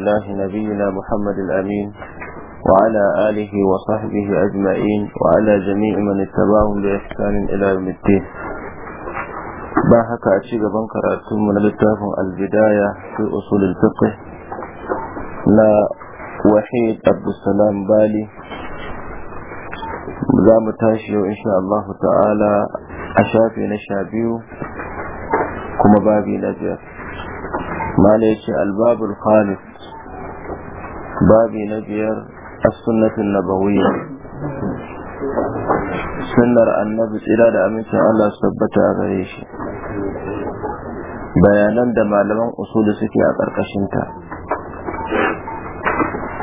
الله نبينا محمد الأمين وعلى آله وصحبه أجمعين وعلى جميع من اتبعهم بإحسان إلى يوم الدين باهك أشيغ بنكر أتم من البداية في أصول الفقه لا وحيد عبد السلام بالي زام تاشي إن شاء الله تعالى أشافي نشابيو كما بابي نجاح ما ليش الباب الخالف babi na biyar as-sunnatul nabawiyya sunnar annabi tsira da amincin Allah su tabbata a gare shi bayanan da malaman usulu suke a ƙarƙashinta.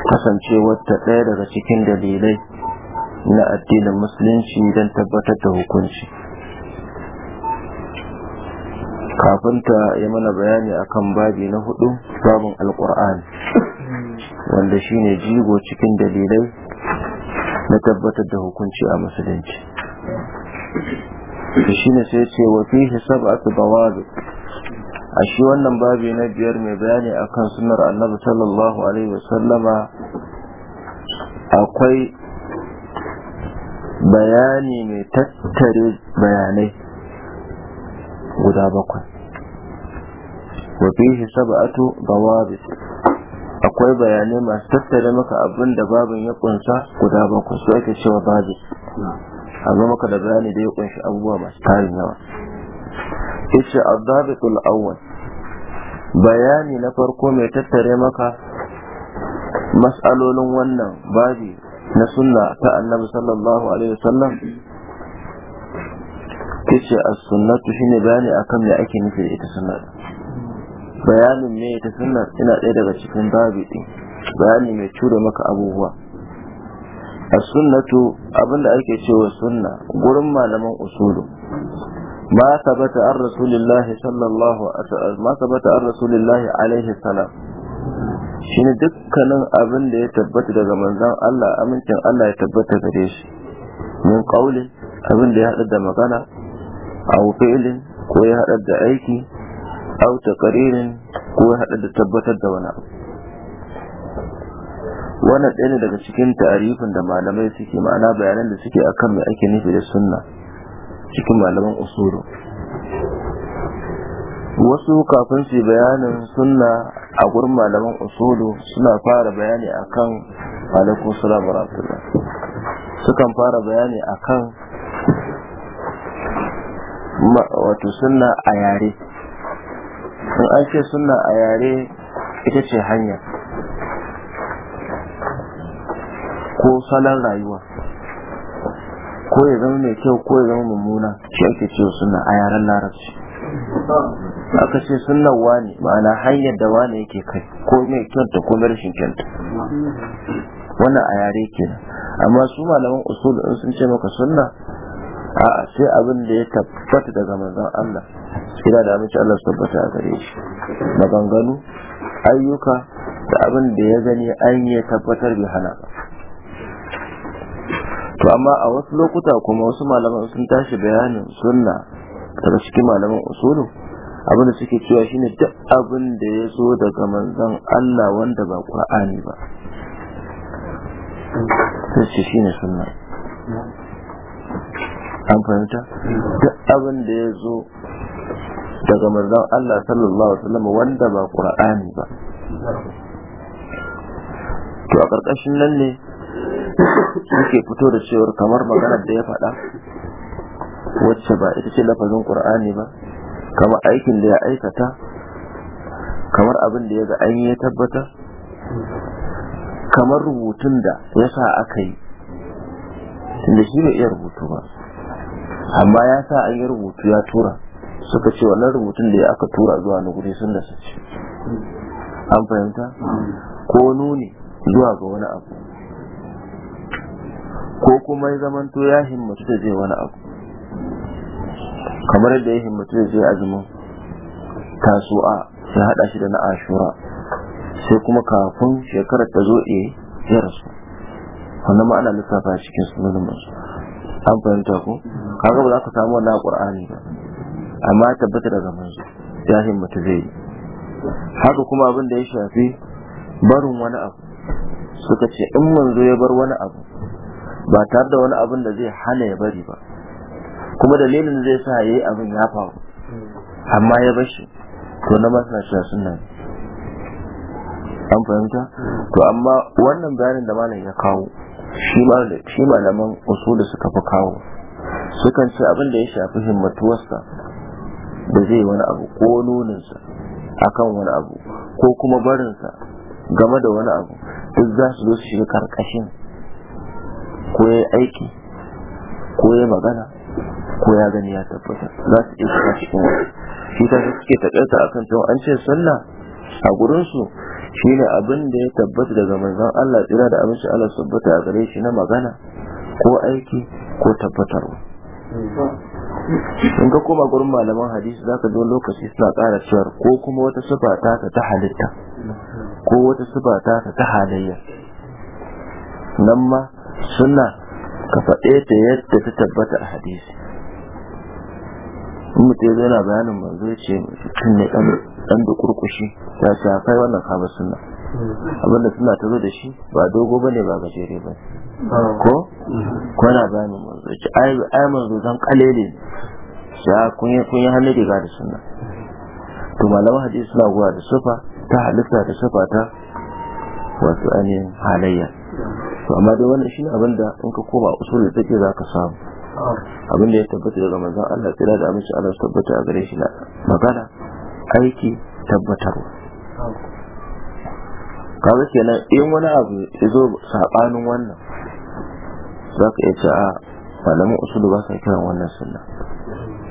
kasance wata ɗaya daga cikin dalilai na addinin musulunci don tabbatar da hukunci kafin ta yi mana bayani akan babi na hudu babin alƙur'ani wanda shi ne jigo cikin dalilai na tabbatar da hukunci a musulunci da ne sai ce wa fihi sab'atu bawabi a shi wannan babi na biyar mai bayani akan sunar annabi sallallahu alaihi wasallama akwai bayani mai tattare bayanai guda bakwai wa fihi sab'atu bawabi akwai bayanai masu tattare maka abin da babin ya kunsa guda bakwai su ake cewa babi a zama maka da bayani da ya kunshi abubuwa masu tarin yawa yace adabitul awwal bayani na farko mai tattare maka mas'alolin wannan babi na sunna ta annabi sallallahu alaihi wasallam yace as-sunnatu shine bayani akan me ake nufi da ita sunna bayanin me ta sunna ina ɗaya daga cikin babi ɗin bayani mai cura maka abubuwa a sunnatu abinda ake cewa sunna gurin malaman usulu ma sabata an rasulillahi sallallahu ma sabata an rasulillahi alaihi salam shine dukkanin abin da ya tabbata daga manzon Allah amincin Allah ya tabbata gare shi min qaulin abin da ya hada da magana a fi'lin ko ya hada da aiki au taqririn ko ya hada da tabbatar da wani abu wannan ɗaya ne daga cikin tarifin da malamai suke ma'ana bayanan da suke akan mai ake nufi da sunna cikin malaman usuru wasu kafin su bayanin sunna a gurin malaman usulu suna fara bayani akan alaikun salam wa sukan fara bayani akan wato sunna a yare in an ce suna a yare ita ce hanya ko salon rayuwa ko ya zama mai kyau ko ya zama mummuna shi ake ce suna a yaren larabci aka ce sunnan wani ma'ana hanyar da wani yake kai ko mai kyanta ko mai rashin kyanta wannan a yare kenan amma su malaman usul in sun ce maka suna a sai abin da ya tabbata daga manzon Allah kira da amince Allah tabbata a gare shi maganganu ayyuka da abin da ya gani an yi tabbatar bai hana ba to amma a wasu lokuta kuma wasu malaman sun tashi bayanin sunna daga cikin malaman usulu abin da suke cewa shine duk abin da ya zo daga manzon Allah wanda ba Qur'ani ba sai shi shine sunna an fahimta duk abin da ya zo daga manzon Allah sallallahu alaihi wasallam wanda ba Qur'ani ba to a karkashin nan ne suke fito da cewar kamar maganar da ya faɗa wacce ba ita ce lafazin Qur'ani ba kamar aikin da ya aikata kamar abin da ya ga an yi tabbatar kamar rubutun da ya sa aka yi tunda shi bai iya rubutu ba amma ya sa an yi rubutu ya tura suka ce wannan rubutun da ya aka tura zuwa na guri sun da ce an fahimta ko nuni zuwa ga wani abu ko kuma ya zamanto ya himmatu da zai wani abu kamar da ya himmatu da zai azumin tasu'a ya hada shi da na ashura sai kuma kafin shekarar ta zo e ya rasu wannan ma ana lissafa cikin sunanin masu an fahimta ko kaga ba za ka samu wannan qur'ani ba amma tabbata daga manzo ya himmatu zai yi haka kuma abin da ya shafi barin wani abu suka ce in manzo ya bar wani abu ba tare da wani abin da zai hana ya bari ba kuma dalilin zai sa ya yi abin ya faru amma ya bashi to na masana shi suna an fahimta to amma wannan bayanin da malam ya kawo shi malaman usulu suka fi kawo sukan ce abin da ya shafi himmatuwarsa da zai wani abu ko nuninsa akan wani abu ko kuma barinsa game da wani abu duk za su zo su shiga karkashin ko ya aiki ko ya magana ko ya gani ya tabbata za su iya shiga cikin shi ta suke takaita akan cewa an ce sallah a gurinsu shine abin da ya tabbata daga manzon Allah tsira da abinci Allah tabbata a gare shi na magana ko aiki ko tabbatarwa in ka koma gurin malaman hadisi zaka zo lokaci suna ƙara cewa ko kuma wata sifa ta ta ta halitta ko wata sifa ta ta ta halayya nan ma suna ka faɗe ta yadda ta tabbata a hadisi in mutum na bayanin manzo ya ce mutum ne ɗan da kurkushi ya shafai wannan kama suna abinda suna ta zo da shi ba dogo ba ne ba gajere ba ne ko ko na bani manzo ki ai ai manzo zan kalele sha kun yi kun yi hannu riga da sunna to malama hadisi suna goya da sufa ta halitta da sufa ta wasu ainihin halayya to amma dai wannan shi abin da in ka koma usul da take za ka samu abin da ya tabbata daga manzon Allah tsira da amince Allah su tabbata a gare shi na magana aiki tabbatarwa kaga kenan in wani abu ya zo sabanin wannan za ka iya ce a malamin usulu ba sa kiran wannan sunna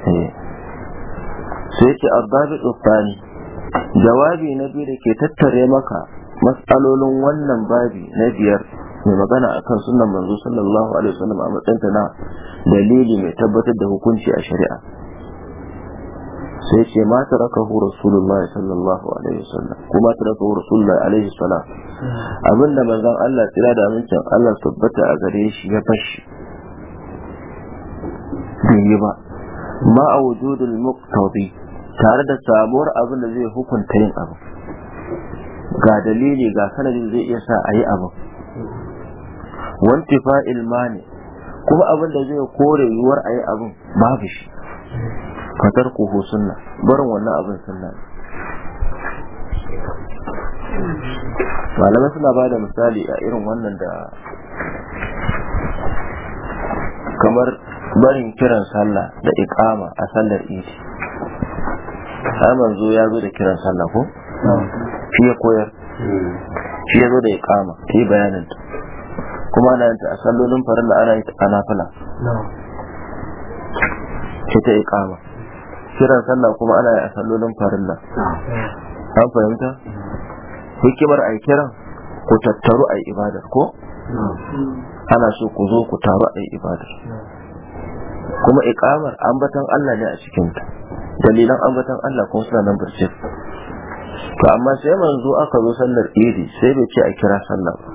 eh. sai ce abbabi tsofani jawabi na biyu da ke tattare maka matsalolin wannan babi na biyar mai magana a kan sunan manzo sallallahu alaihi wasallam a matsayinta na dalili mai tabbatar da hukunci a shari'a sai ce ma hu rasulullahi sallallahu alaihi wasallam ko raka hu rasulullahi alaihi salam abinda manzon Allah tsira da amincin Allah tabbata a gare shi ya fashi bai yi ba ma a wujudul muqtadi tare da samuwar abin da zai hukunta yin abu ga dalili ga sanadin zai iya sa a yi abu fa'il mani kuma abin da zai kore yiwuwar a yi abin babu shi fatar kuhu sunna barin wannan abin sunna malamai suna ba da misali a irin wannan da kamar barin kiran sallah da ikama a sallar idi har manzo ya zo da kiran sallah ko shi ya koyar shi ya zo da ikama yi bayanin kuma na yanta a sallolin da ana yi ta anafila ce ta ikama kiran sallah kuma ana yi a sallolin farilla an fahimta hikimar a kiran ku tattaru a ibadar ko ana so ku zo ku taru a ibadar kuma ikamar ambatan Allah ne a cikinta dalilan ambatan Allah kuma suna nan burjik to amma sai manzo aka zo sallar idi sai bai ce a kira sallah ba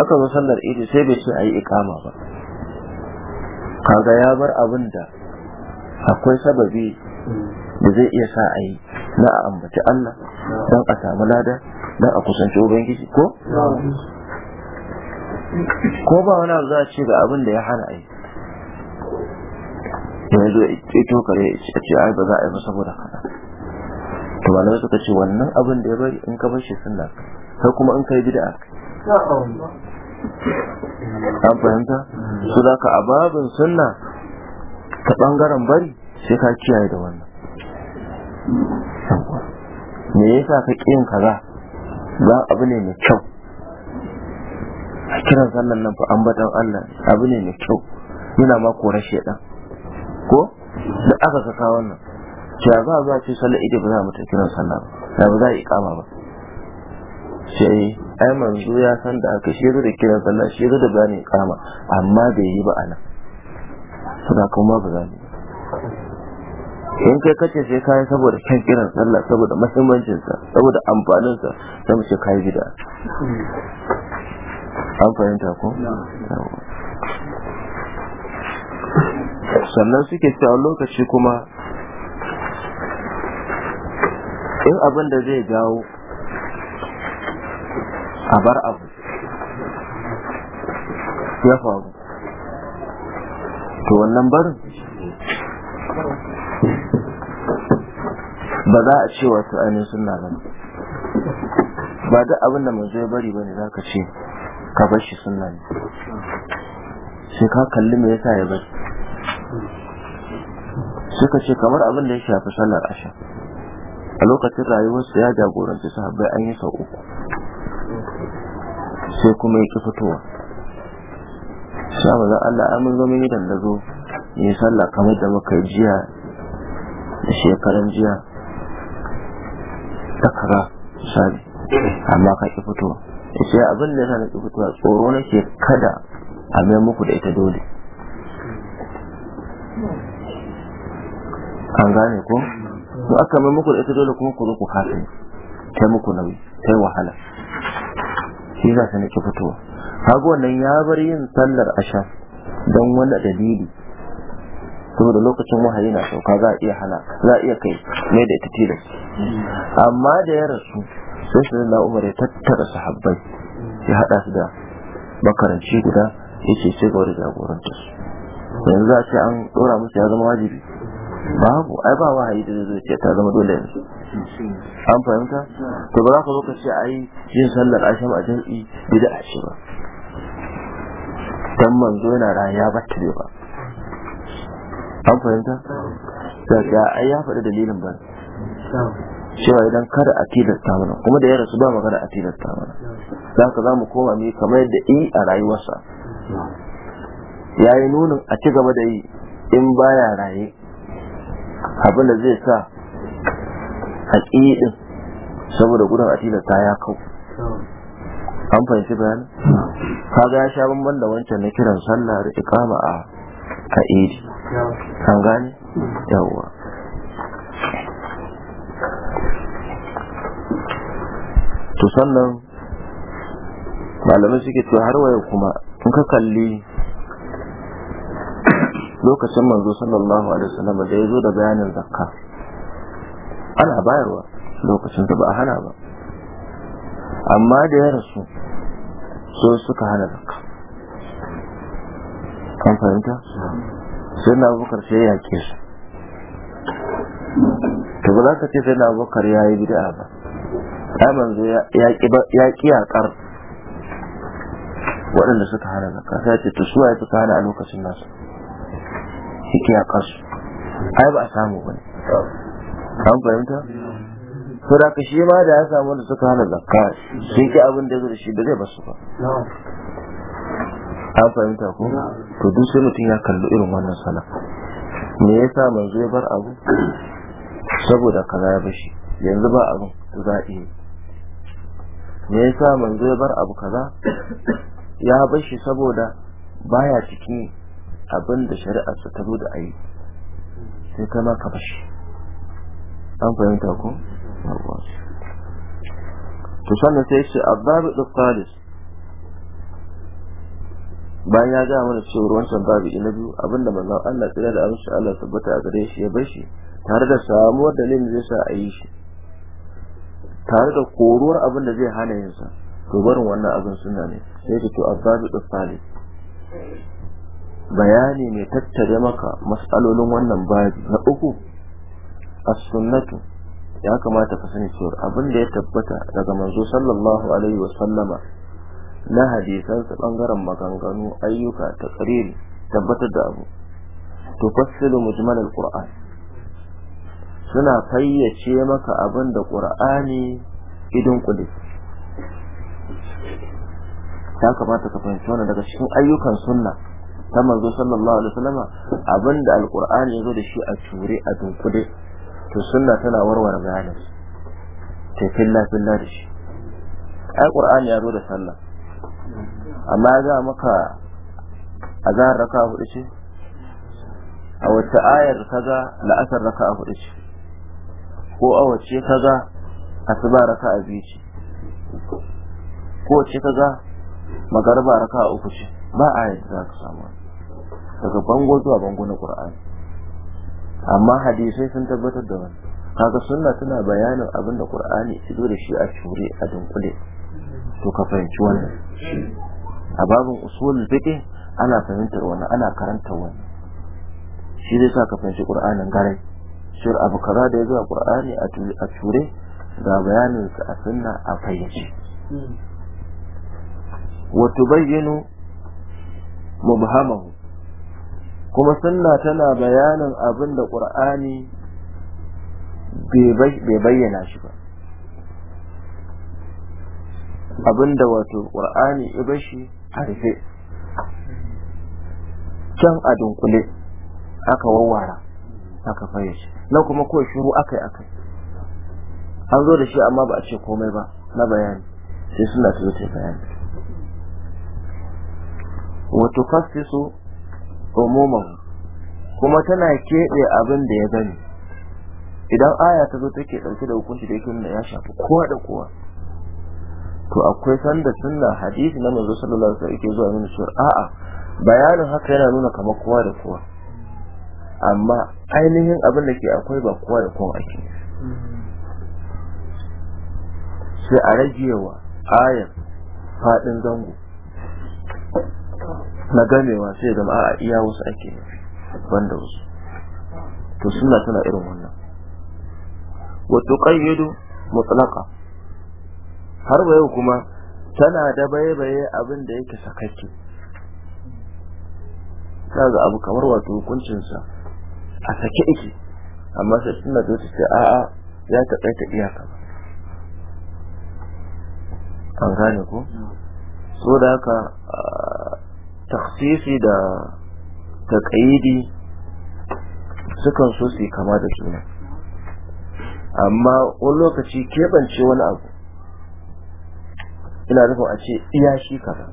aka zo sallar idi sai bai ce a yi ikama ba kaga ya bar abin da akwai sababi da zai iya sa a yi na a ambaci Allah don a samu lada don a kusanci ubangiji ko ko ba wani abu za a ce ga abin da ya hana a yi ya zo ito kare a ce ai ba za a yi ba saboda kana to malamai suka ce wannan abin da ya bari in ka bar shi sunna sai kuma in ka yi bid'a an fahimta su za ka a babin sunna ta bangaren bari sai ka kiyaye da wannan me yasa ka kiyin kaza za abu ne mai kyau a kiran sannan nan fa ambatan Allah abu ne mai kyau yana ma kore shedan ko da aka saka wannan cewa za a ce sallar idi ba za mu ta kiran sannan ba da ba za a kama ba sai ai manzo ya san da aka shiru da kiran sallah shiru da bani kama amma bai yi ba anan kuma ba zani in kai kace sai kayan saboda kyan kiran sallah saboda mahimmancinsa saboda amfaninsa sai mu ce kayi gida an fahimta ko sannan suke cewa lokaci kuma in abin da zai jawo a bar abu ya faru to wannan barin ba za a ce wato ainihin suna ba ba da abin da manzo ya bari ba ne za ka ce ka bar shi suna ne sai ka kalli me yasa ya bari suka ce kamar abin da ya shafi sallar asha a lokacin su ya jagoranci sahabbai an yi sau uku sai kuma ya ki fitowa sha mazan Allah an mun zama gidan da zo ne sallah kamar da muka jiya da shekaran jiya ta kara sabi amma ka ki fito ya ce abin da na ki fito a tsoro na ke kada a mai muku da ita dole an gane ko to aka mai muku da ita dole kuma ku zo ku kasa kai muku nauyi kai wahala shi za su ki fitowa Hagon nan ya bar yin sallar asha don wani dalili saboda lokacin wahayi na sauka za a iya hana za a iya kai mai da ita tilas amma da ya rasu sai su na umar ya tattara sahabbai ya haɗa su da makaranci guda ya ce sai ga wani jagorantar su yanzu za a ce an ɗora musu ya zama wajibi babu ai ba wahayi da zai ce ta zama dole yanzu an fahimta to ba za ka lokaci ka ce ai yin sallar asham a jam'i bid'a ce ba dan manzo yana rayuwa ba ta ba an fahimta daga ai ya faɗi dalilin ba cewa idan kada a tilasta mana kuma da ya rasu ba magana a tilasta mana za ka za mu koma mai kamar yadda i a rayuwarsa ya yi nunin a ci gaba da yi in baya raye abin da zai sa haƙiɗin saboda gudun a tilasta ya kau an fahimci bayanin kaga ya sha bamban da wancan na kiran sallah da ikama a ka'idi kan an gane yawwa to sannan malamai suke to har waya kuma in ka kalli lokacin manzo sallallahu alaihi wasallam da ya zo da bayanin zakka ana bayarwa lokacin da ba a hana ba amma da ya rasu so suka hana zakka an fahimta sai na abubakar sai ya ke za ka ce sai na abubakar ya yi bid'a ba manzo ya ki yakar waɗanda suka hana zakka sai ce suka hana a lokacin nasu ki yakar su ai ba a samu ba ne an fahimta saboda ka shi ma da ya samu wanda suka hana zakka sun ki abin da zai shi da zai basu ba an fahimta ko to duk sai mutum ya kalli irin wannan sana me sa manzo ya bar abu saboda kaza ya bashi yanzu ba abin to za a yi. me sa manzo ya bar abu kaza ya bashi saboda baya cikin abin da shari'a ta zo da ayi sai kama ka bashi an fahimta ko to sannan sai ce bayan ya ga mana cewa can babu ina biyu abinda manzon Allah tsira da amsa Allah tabbata a gare shi ya bar shi tare da samuwar dalilin zai sa a yi shi tare da koruwar abin da zai hana yin sa to barin wannan abin suna ne sai ka to abbabu tsalis bayani mai tattare maka mas'alolin wannan babi na uku as-sunnatu ya kamata ka sani cewa abin da ya tabbata daga manzo sallallahu alaihi wa sallama na hadisan sa bangaren maganganu ayyuka ta qarin tabbatar da abu to fassilu mujmal alquran suna fayyace maka abin da qur'ani idan kudi ya kamata ka fahimci wannan daga cikin ayyukan sunna ta manzo sallallahu alaihi wa sallama abin da alqur'ani ya zo da shi a ture a dunkude to sunna tana warware bayanin ta filla filla da shi ai qur'ani ya zo da sallah amma ya ga maka azhar raka hudu ce a wata ayar kaza la'asar raka hudu ce ko a wace kaza asuba raka a biyu ce ko wace kaza magarba raka uku ce ba ayar da za ka samu daga bango zuwa bango na qur'ani amma hadisai sun tabbatar da wani kaga sunna tana bayanin abin da qur'ani ido da shi a shure a dunkule to ka fahimci wannan a babin usul fiqh ana fahimtar wani ana karanta wani shi zai sa ka fahimci qur'anin garai shir abu kaza da ya zuwa a qur'ani a shure ga bayanin sa a sunna a fahimci wa tubayyinu mubhamahu kuma sunna tana bayanin abin da qur'ani bai bayyana shi ba abin da wato qur'ani ya bashi a rufe can a dunkule aka wawara aka fayyace na kuma kawai shiru akai akai an zo da shi amma ba a ce komai ba na bayani sai suna ta zo ta bayani wato fassisu umuman kuma tana keɓe abin da ya gani idan aya ta zo take ɗauke da hukunci da yake nuna ya shafi kowa da kowa to akwai sanda sunna hadisi na manzo sallallahu alaihi wasallam yake zuwa nuna cewa a'a bayanin haka yana nuna kamar kowa da kowa amma ainihin abin da ke akwai ba kowa da kowa ake sai a ragewa ayar faɗin zango na gamewa sai ga ma'a a iya wasu ake nufi banda wasu to suna tana irin wannan Wato tuqayyidu mutlaqa har wa kuma tana da baibaye abin da yake sakakke ga abu kamar wato hukuncin sa a sake yake amma sai suna zo ta ce a'a ya taƙaita iyaka an gane ko so da haka taksisi da taƙaidi sukan so su kama da juna amma wani lokaci keɓance wani abu ina nufin a ce iya shi kaza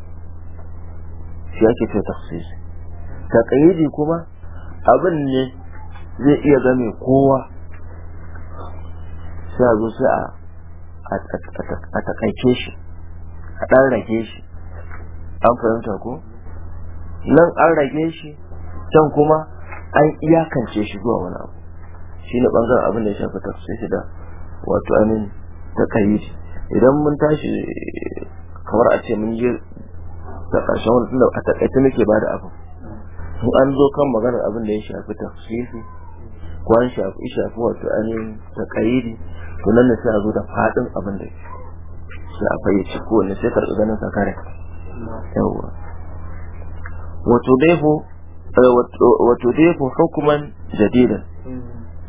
shi ake ce taƙaidi kuma abin ne zai iya game kowa sai a zo sai a taƙaice shi a ɗan rage shi an fahimta ko nan an rage shi can kuma an iyakance shi zuwa wani abu shi ne ɓangaren abin da ya shafi tafsir shi da wato anin ta kayyidi idan mun tashi kamar a ce mun je ta ƙarshen wani tunda a taƙaita muke ba da abin in an zo kan maganar abin da ya shafi tafsiri ko an shafi shafi wato anin ta kayyidi to nan ne sai a zo da faɗin abin da ya sai a fayyace kowanne sai karɓi ganin sakare. wato defu hukuman jadida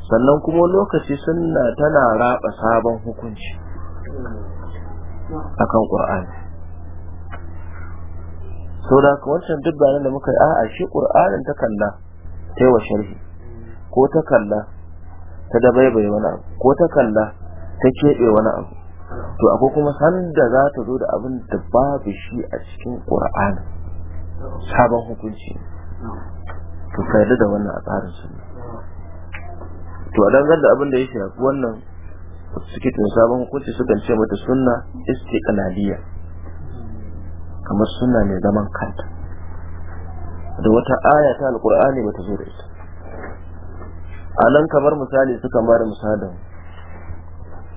sannan kuma lokaci suna tana raba sabon hukunci akan qur'ani saboda ka wancan duk bayanan da muka yi a'a shi qur'anin ta kalla ta wa sharhi ko ta kalla ta dabaibai wani abu ko ta kalla ta keɓe wani abu to akwai kuma sanda za ta zo da abin da babu shi a cikin ƙur'ani. sabon hukunci to ka da wannan a tsarin su to a dangar da abin da ya shafi wannan suke tun sabon hukunci sukan ce mata sunna istiqlaliya kamar sunna mai zaman kanta da wata aya ta alqur'ani bata zo da ita a nan kamar misali suka bada misalin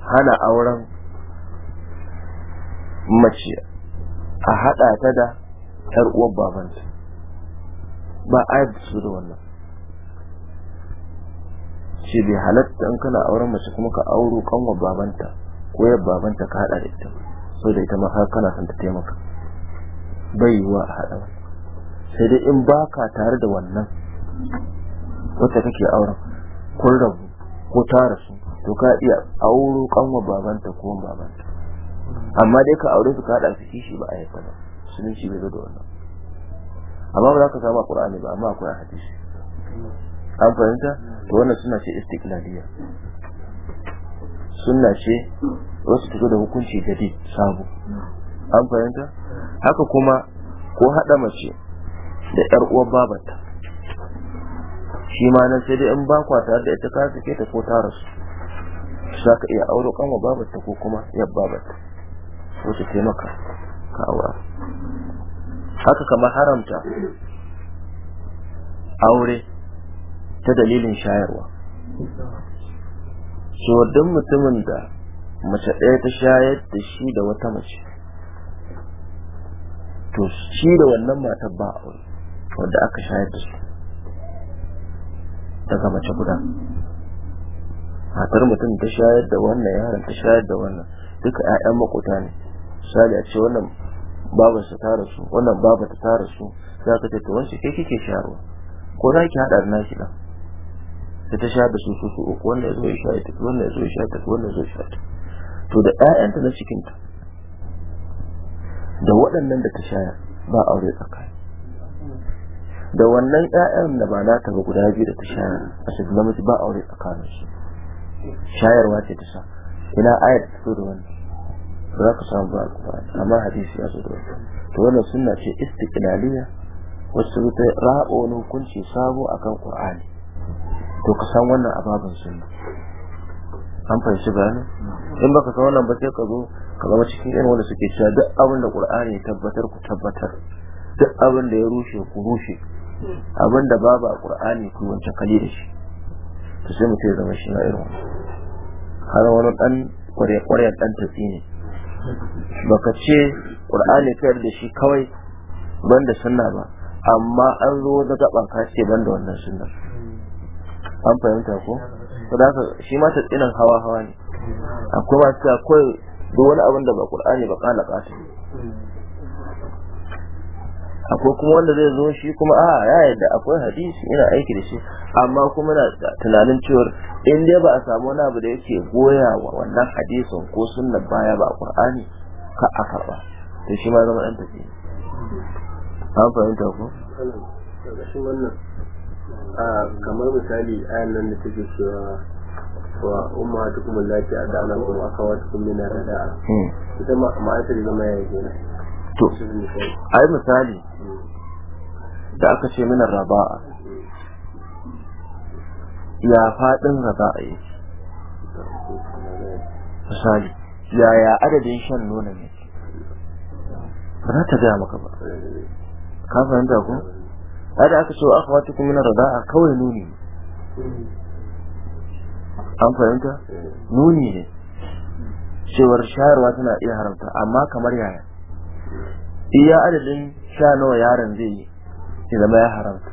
hana auren mace a haɗa ta da yar uwar babanta ba ayar da su da wannan shi bai halatta in kana auren mace kuma ka auro kanwa babanta ko yar babanta ka hada da ita so da ita ma har kana son ta taimaka bai yiwa a hada sai dai in ba ka tare da wannan wacce kake auren kun rabu ko tara su to ka iya auro kanwa babanta ko babanta amma dai ka aure su ka hada su kishi ba a yi ba musulunci bai zo da wannan amma ba za ka samu a ƙura'ani ba amma akwai hadisi an fahimta to wannan suna ce istiqlaliya suna ce wasu fito da hukunci jadi sabu an fahimta haka kuma ko haɗa mace da ƴar uwar babata shi ma nan sai dai in ba kwa tare da ita ka take ta ko ta rasu za ka iya aure kama babata ko kuma ya babata ko su taimaka aura haka kamar haramta aure ta dalilin shayarwa so duk mutumin da mace ɗaya ta shayar da shi da wata mace to shi da wannan mata ba aure wadda aka shayar da shi daga mace guda matar mutum ta shayar da wannan yaron ta shayar da wannan duka 'ya'yan makuta ne misali a ce wannan baban sa ta rasu wannan baba ta ta rasu za ka ce to wance kai kike shayarwa ko za ki haɗa da nashi ɗan sai ta sha da su su uku wannan ya zo ya sha ya tafi wannan ya zo ya sha ya tafi wannan ya zo ya sha ya to da ƴaƴanta na cikinta da waɗannan da ta shayar ba aure tsakani da wannan ƴaƴan da ba ta ba guda biyu da ta shayar a shi namiji ba aure tsakaninsu shayarwa ce ta sa ina ayar ta fito da wannan za ka samu ba alkur'ani amma hadisi ya zo da to wannan sunna ce istiqlaliya wasu ta raba wani hukunci sabo akan qur'ani to ka san wannan ababen sunna an fahimci gane. in baka san wannan ba sai ka zo ka zama cikin irin wanda suke cewa duk abin da qur'ani ya tabbatar ku tabbatar duk abin da ya rushe ku rushe abin da babu a qur'ani ku wance kali da shi to sai mutum ya zama shi na irin har wani dan kware ɗan dan tafi ne baka ce qur'ani kayar da shi kawai ban da sunna ba amma an zo da gaba ka ce ban da wannan sunna an fahimta ko shi ma tsinan hawa hawa ne akwai masu kawai duk wani abin da ba qur'ani ba kana kata akwai kuma wanda zai zo shi kuma a ya yadda akwai hadisi ina aiki da shi amma kuma na tunanin cewar in dai ba a samu wani abu da yake goya wa wannan hadisin ko sunna baya ba qur'ani ka a karba to shi ma zama dan tafi an fahimta ko karkashin wannan a kamar misali ayan nan da take cewa wa umma hmm. ta kuma lafiya da ana kuma akawa ta kuma na da ita ma'aikata zama ya yi to ai misali da aka ce mina raba'a ya faɗin raba'a ya ce. misali yaya adadin shan nonon ne? ba za ta gaya maka ba ka fahimta ko da aka ce wa aka wata kuma raba'a kawai nuni ne. an fahimta nuni ne cewar shayarwa tana iya haramta amma kamar yaya iya adadin sha nawa yaron zai yi sai zama ya haramta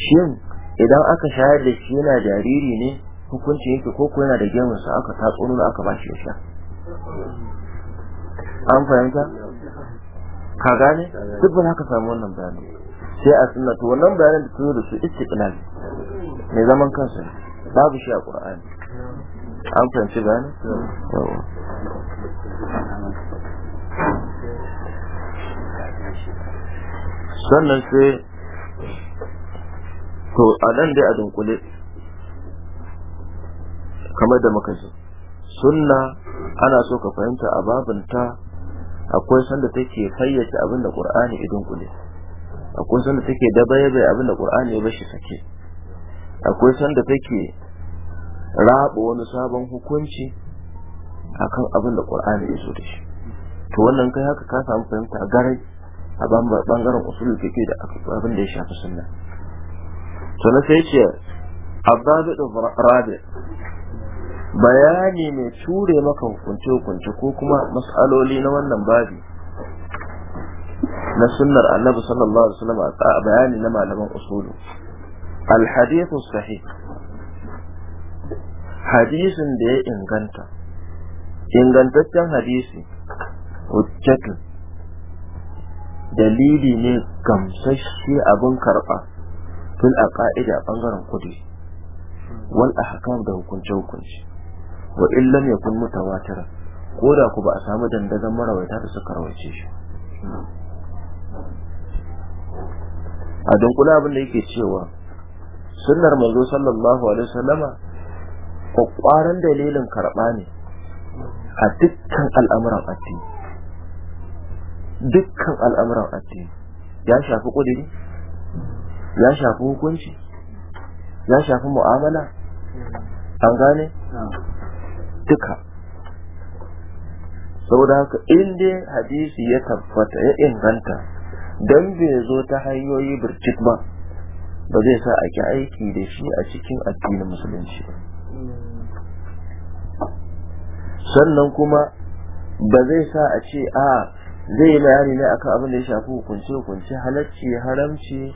shin idan aka shayar da shi yana jariri ne hukunci yake ko ko yana da gemun sa aka tatso nuna aka bashi ya sha an fahimta ka gane duk ba haka samu wannan bayani sai a sunna to wannan bayanin da tuno da su istiqlal ne zaman kansa babu shi a qur'ani an fahimci bayani sannan sai to a nan dai a dunkule kamar da muka ji sunna ana so ka fahimta a babinta akwai sanda take fayyace abin da qur'ani ya dunkule akwai sanda take dabaibe abin da qur'ani ya bashi sake akwai sanda take rabo wani sabon hukunci akan abin da qur'ani ya so da shi to wannan kai haka ka samu fahimta garai a bangaren usulul fiqh da abin da ya shafi sunna to na sai ce abdabi rabi bayani mai ture maka hukunce hukunce ko kuma mas'aloli na wannan babi na sunnar annabi sallallahu alaihi wasallam a bayani na malaman usulu al sahih hadisin da ya inganta ingantaccen hadisi hujjatun dalili ne gamsashe abin karɓa tun a ƙa'ida ɓangaren kudi wal ahkam da hukunce hukunci wa illam yakun mutawatir ko da ku ba a samu dandazon marawaita da suka rawace shi a dunkula abin da yake cewa sunnar manzo sallallahu alaihi wasallama kwakwaran dalilin karɓa ne a dukkan al'amuran addini dukkan al'amuran addini ya shafi ƙudiri ya shafi hukunci ya shafi mu'amala an gane duka saboda haka inda hadisi ya tabbata ya inganta don bai zo ta hanyoyi birkit ba ba zai sa a aiki da shi a cikin addinin musulunci sannan kuma ba zai sa a ce a ah, zai yi bayani ne akan abin da ya shafi hukunce hukunce halarci, haramci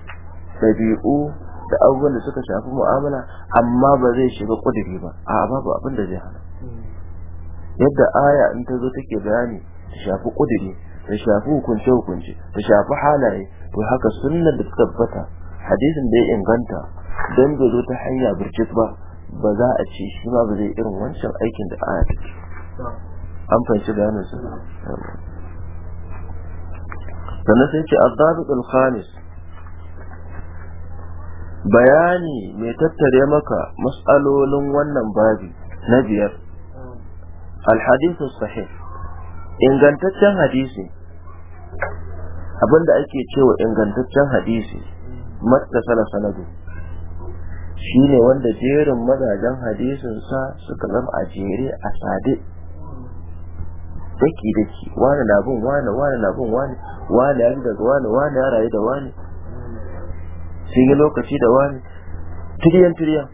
dabi'u, da abubuwan da suka shafi mu'amala amma ba zai shiga ƙudiri ba a babu abin da zai hana yadda aya in ta zo take bayani ta shafi kudiri ta shafi hukunce hukunce ta shafi halaye to haka sunnar da tabbata hadisin da ya inganta don bai zo ta hanya birjit ba ba za a ce shi ma ba zai irin wancan aikin da aya take an fahimci bayanin su sannan sai ce azabitul khamis bayani mai tattare maka matsalolin wannan babi na biyar alhadisu sahih ingantaccen hadisi abinda ake cewa ingantaccen hadisi matasala sanadu shine wanda jerin mazajen hadisinsa suka zama a jere a sade daki daki wani na bin wani wani na bin wani wani ya daga wani wani ya rayu da wani sun yi lokaci da wani tiriyan tiriyan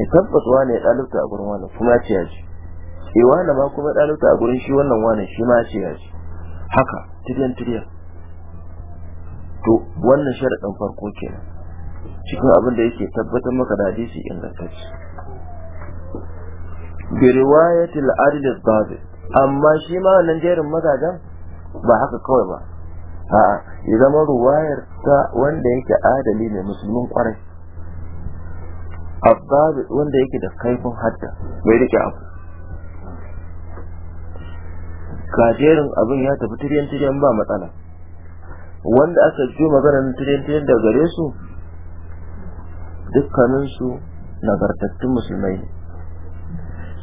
ya tabbas wani ya dalibta a gurin wani kuma ce ya ce e eh, wani ma kuma dalibta a gurin shi wannan wani shi ma ce ya ce haka tiriyan tiriyan to wannan sharaɗin farko kenan cikin abin da yake tabbatar maka da hadisi ingantacce bi riwayatil adil al dabit amma shi ma wannan jerin mazajen ba haka kawai ba a'a ya zama ruwayar ta wanda yake adali mai musulmin kwarai abbasu wanda yake da kaifin hadda bai rike abu kajerin abin ya tafi tiryan tiryan ba matsala wanda aka ji maganar tiryan tiryan da gare su dukkaninsu nagartattun musulmai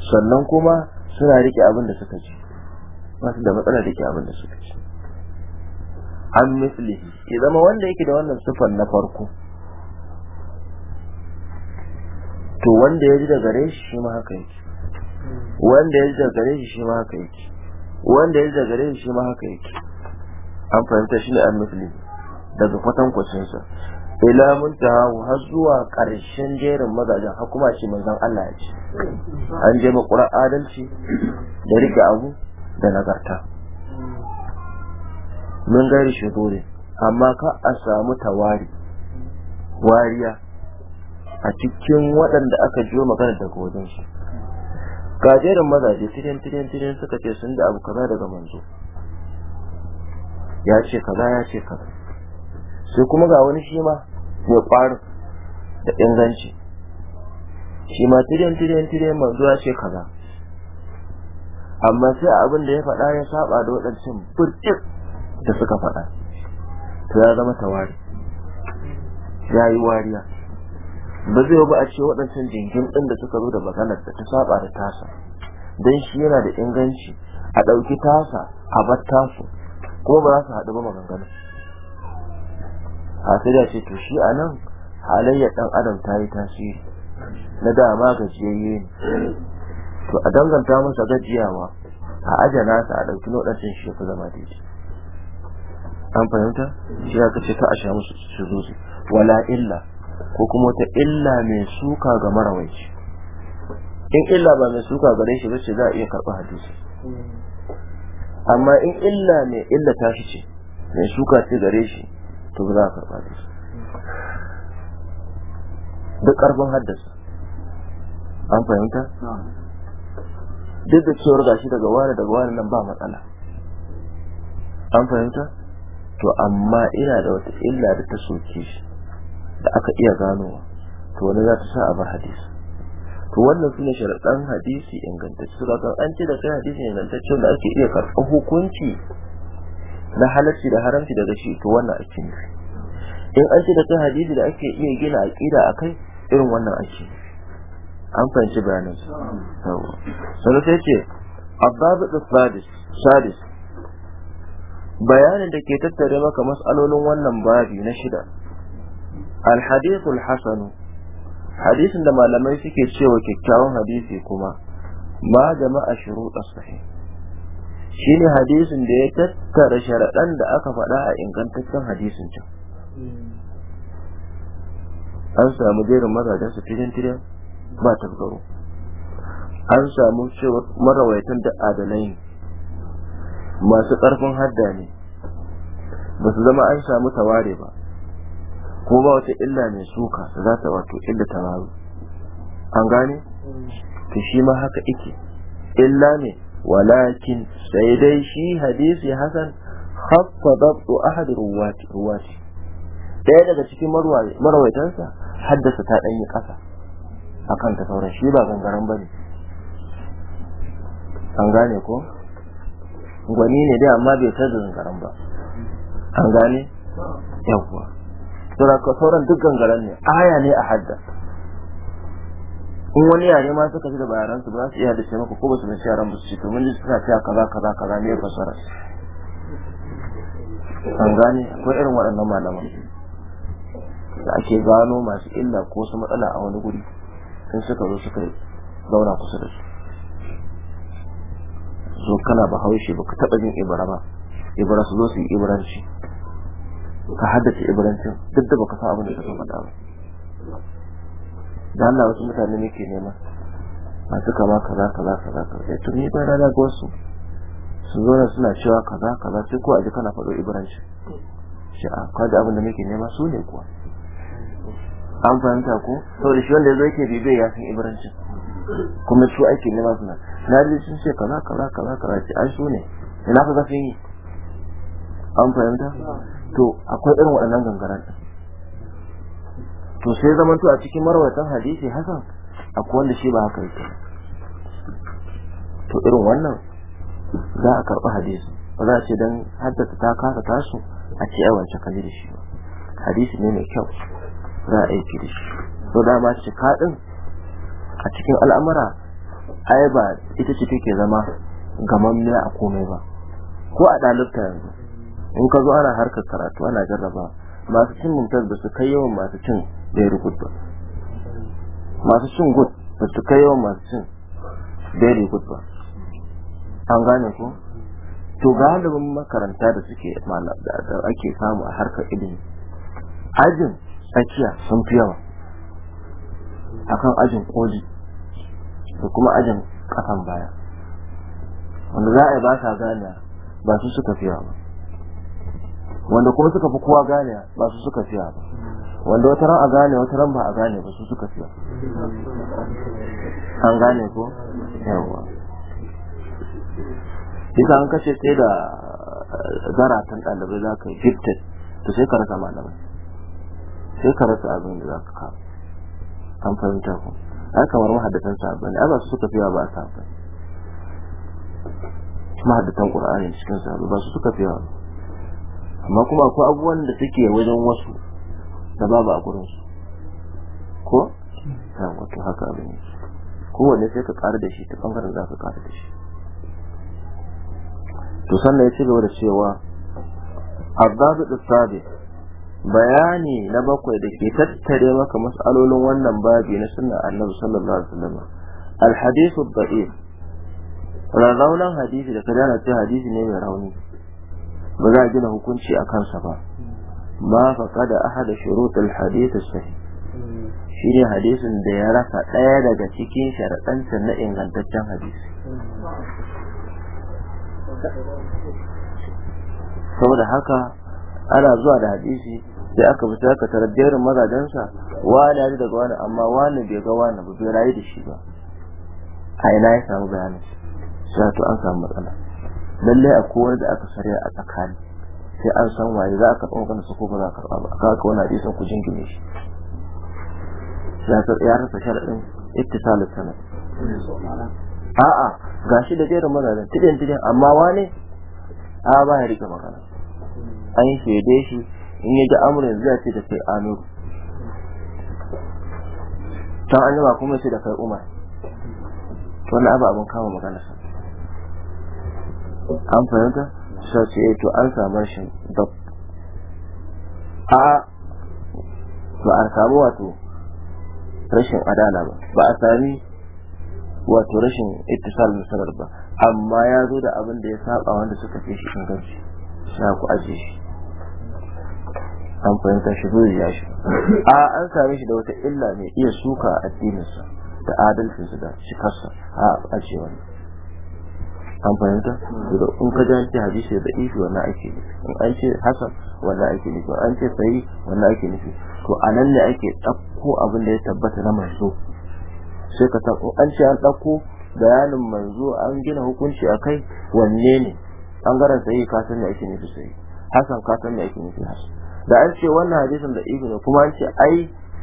sannan kuma suna rike abin da suka ce masu da matsala rike abin da suka ce an misli ya zama wanda yake da wannan sufan na farko to wanda ya ji da gare shi shi ma haka yake wanda ya ji da gare shi shi ma haka yake wanda ya ji da gare shi shi ma haka yake an fahimta shi ne an misli daga kwatankwacinsa ila muntaha har zuwa karshen jerin mazajen har kuma shi manzon Allah ya ce an je makura adalci da rike abu da nagarta mun gari dole amma ka a samu tawari wariya a cikin waɗanda aka jiyo magana daga wajen shi. ga jerin mazaje tirin tirin tirin suka ce sun da abu kaza daga manzo ya ce kaza ya ce kaza sai kuma ga wani shi ma mai ƙwarin da inganci shi ma tiren tiren tiren manzo zuwa ce kaza amma sai abin da ya faɗa ya saba da waɗancan burtik da suka faɗa to ya zama tawari ya yi wariya ba zai ba a ce waɗancan jingin ɗin da suka zo da maganar da ta saba da tasa don shi yana da inganci a ɗauki tasa a bar tasu ko ba za su haɗu ba maganganu hasada ce to shi a nan halayyar ɗan adam ta yi tasiri na dama gajiyayye ne to a danganta masa gajiyawa a ajana sa a ɗauki lokacin shi ku zama da shi an fahimta shi ya kace ta asha musu su zo su. wala illa ko kuma ta illa mai suka ga marawaici in illa ba mai suka gare shi ba ce za a iya karɓa hadisi amma in illa mai illa ta shi ce mai suka ce gare shi to ba za a karɓa da shi duk ƙarfin haddasa an fahimta duk da cewar gashi daga wani daga wani nan ba matsala an fahimta to amma ina da wata illa da ta soke shi da aka iya ganowa to wani za ta sa a bar hadisi to wannan ne sharaɗan hadisi ingantacce ga an ce da kai hadisi ingantacce da ake iya karɓar hukunci na halarci da haramci daga shi to wannan ake nufi in an ce da kai hadisi da ake iya gina aƙida a kai, irin wannan ake an fahimci bayanin su sannan sai ce abbabu sadis sadis bayanin da ke tattare maka mas'alolin wannan babi na shida alhadisul hasanu hadisin da malamai suke cewa kyakkyawan hadisi kuma ma jama'a shuruɗa sahih Shi ne hadisin da ya tattara sharaɗan da aka faɗa a ingantaccen hadisin can an samu jerin mazajen su cikin filin ba tasgaro an samu cewa marawaitan da adalai masu ƙarfin hadda ne ba su zama an samu taware ba ko ba wata illa mai suka za ta wato illa tawaru an gane ta shi ma haka ike illa ne walakin sai dai shi hadisi hasan khaffa dabtu ahad ruwati ruwati daga cikin marwaitansa haddasa ta yi kasa akan ta sauran shi ba gangaren bane an gane ko gwani ne dai amma bai tada gangaren ba an gane yawwa sauran duk gangaren ne aya ne a haddasa in wani yare ma suka ji da bayaran su ba su iya dace maka ko ba su nace yaran ba su ce to mun suna cewa kaza kaza kaza ne fasara an gane ko irin waɗannan malaman da ake gano masu illa ko su matsala a wani guri sun suka zo suka zauna kusa da su zo kana bahaushe ka taɓa jin ibara ba ibara su zo su yi ibaranci ka haddace ibrancin duk da ba ka san abin da ka faɗa ba da Allah wasu mutane nake nema masu kama kaza kaza kaza kaza to ni ba na ga wasu su zo na suna cewa kaza kaza sai ko a ji kana faɗo ibrahim shi ah, a kwaji abin da muke nema su ne kuwa an fahimta ko saboda shi wanda ya zo yake bibiya ya san ibrahim kuma su ake nema suna na ji sun ce kaza kaza kaza kaza ce ai su ne ina ka zafi yi an fahimta to akwai irin waɗannan gangaran to sai to a cikin marwatan hadisi hasan akwai wanda shi ba haka yake to irin wannan za a karɓi hadisi ba za a ce don haddata ta kasa tasu a ce aiwance da shi ba hadisi ne mai kyau za a aiki da shi to dama cika ɗin a cikin al'amura ai ba ita ce take zama gamammiya a komai ba ko a ɗalibta yanzu in ka zo ana harkar karatu ana jarraba masu cin mintar da su kai yawan masu cin ba masu cin gud ba su kai yawan masu cin daily gud ba an gane ku? to galibin makaranta da suke da ake samu a harkar ilimi ajin tsakiya sun fi yawa akan ajin koji da kuma ajin kasan baya wanda za a yi ba sa gane ba su suka fi yawa wanda kuma suka fi kowa gane ba su suka fi yawa wanda wata ran a gane wata ran ba a gane ba su suka fiya an gane ko yawa bisa an kashe sai da eh, zaratan ɗalibai za ka yi to sai ka rasa malamai sai ka rasa abin da za ka kawo an fahimta ku ai kamar mahaddatan sahabbai ne ai ba su suka fiya ba a sahabbai mahaddatan qur'ani cikin sahabbai ba su suka fiya amma kuma akwai abubuwan da suke wajen wasu da babu a gurinsu ko ya wato haka abin yake kowanne sai ka ƙara da shi ta ɓangaren za ka ƙara da shi to sannan ya ci gaba da cewa da sabi bayani na bakwai da ke tattare maka mas'alolin wannan babi na sunna annabi sallallahu alaihi wasallam alhadithu da'if raunin hadisi da kada na ce hadisi ne mai rauni ba za a gina hukunci a kansa ba ma da ahada da al-hadith as shi ne hadisin da ya raka ɗaya daga cikin sharaɗancin na ingantaccen hadisi saboda haka ana zuwa da hadisi sai aka fita aka tarar jerin mazajensa wani ya daga wani amma wani bai ga wani ba bai rayu da shi ba a ina ya samu bayanin shi sai to an samu matsala lallai a wani da aka sarya a tsakani sai an san waye za a karɓa magana su ko ba za a karɓa ba ka ka wani hadisin ku jingine shi ya rasa sharaɗin ittisalus a a'a gashi da jerin da tidin tidin amma wane a ba ya rike magana an yi shaide shi in ya ji amurin zai ce da kai amiru can an yi ba kuma ce da kai umar wani abu abin kama magana an fahimta sa eh, to an samu rashin dab a ba a samu wato rashin adala ba ba a sami wato rashin ittisal musalar ba amma ya zo da abin da ya saba wanda suka fi shi inganci suna ku aje shi an fahimta shi ya shi a an same shi da wata illa mai iya suka addininsa da adalcinsa da kasa a ajiye wani an fahimta da in ka ja ce hadisi da ifi wannan ake nufi in an ce hasan wannan ake nufi an ce sayi wannan ake nufi to a nan ne ake dauko abin da ya tabbata na manzo sai ka san an ce an dauko bayanin manzo an gina hukunci a kai wanne ne an ɓangaren sayi ka san ne ake nufi sai hasan ka san ne ake nufi hasan da an ce wannan hadisin da ifi ne kuma an ce ai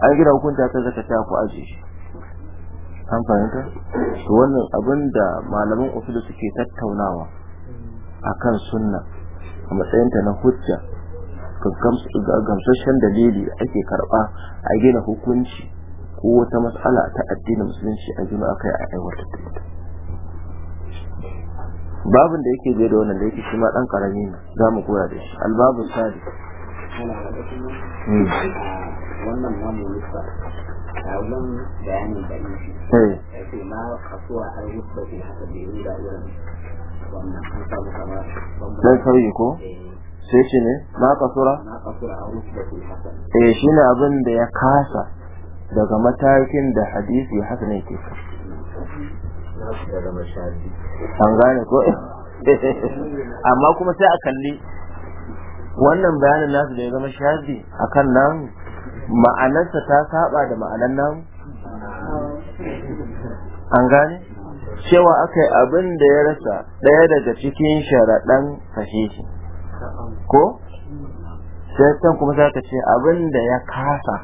an gina hukunta ta zaka ta ku aje shi an fahimta to wannan abin da malaman usul suke tattaunawa akan sunna a matsayin ta na hujja gamsashen dalili ake karba a gina hukunci ko wata matsala ta addinin musulunci a gina aka yi a aiwatar da ita babin da yake bai da wannan da yake shi ma dan karami ne za mu koya da shi albabu sadi wannan wajen bayanin da yi eh. ya ce ma kasuwa har yi da ke haka da yi da irin wannan an samu kamar bambam sauyi ko eh. sai shi ne na kasura ma kasura a wuce da ke haka eh shi ne abin da ya kasa daga matakin da hadisi haka ne ke kai an gane ko amma kuma sai a kalli wannan bayanin nasu da ya zama shazi kan nan ma'anarsa ta saba da ma'anar namu an gane cewa aka yi abin da ya rasa ɗaya daga cikin sharaɗan sahihi ko sai can kuma za ka ce abin da ya kasa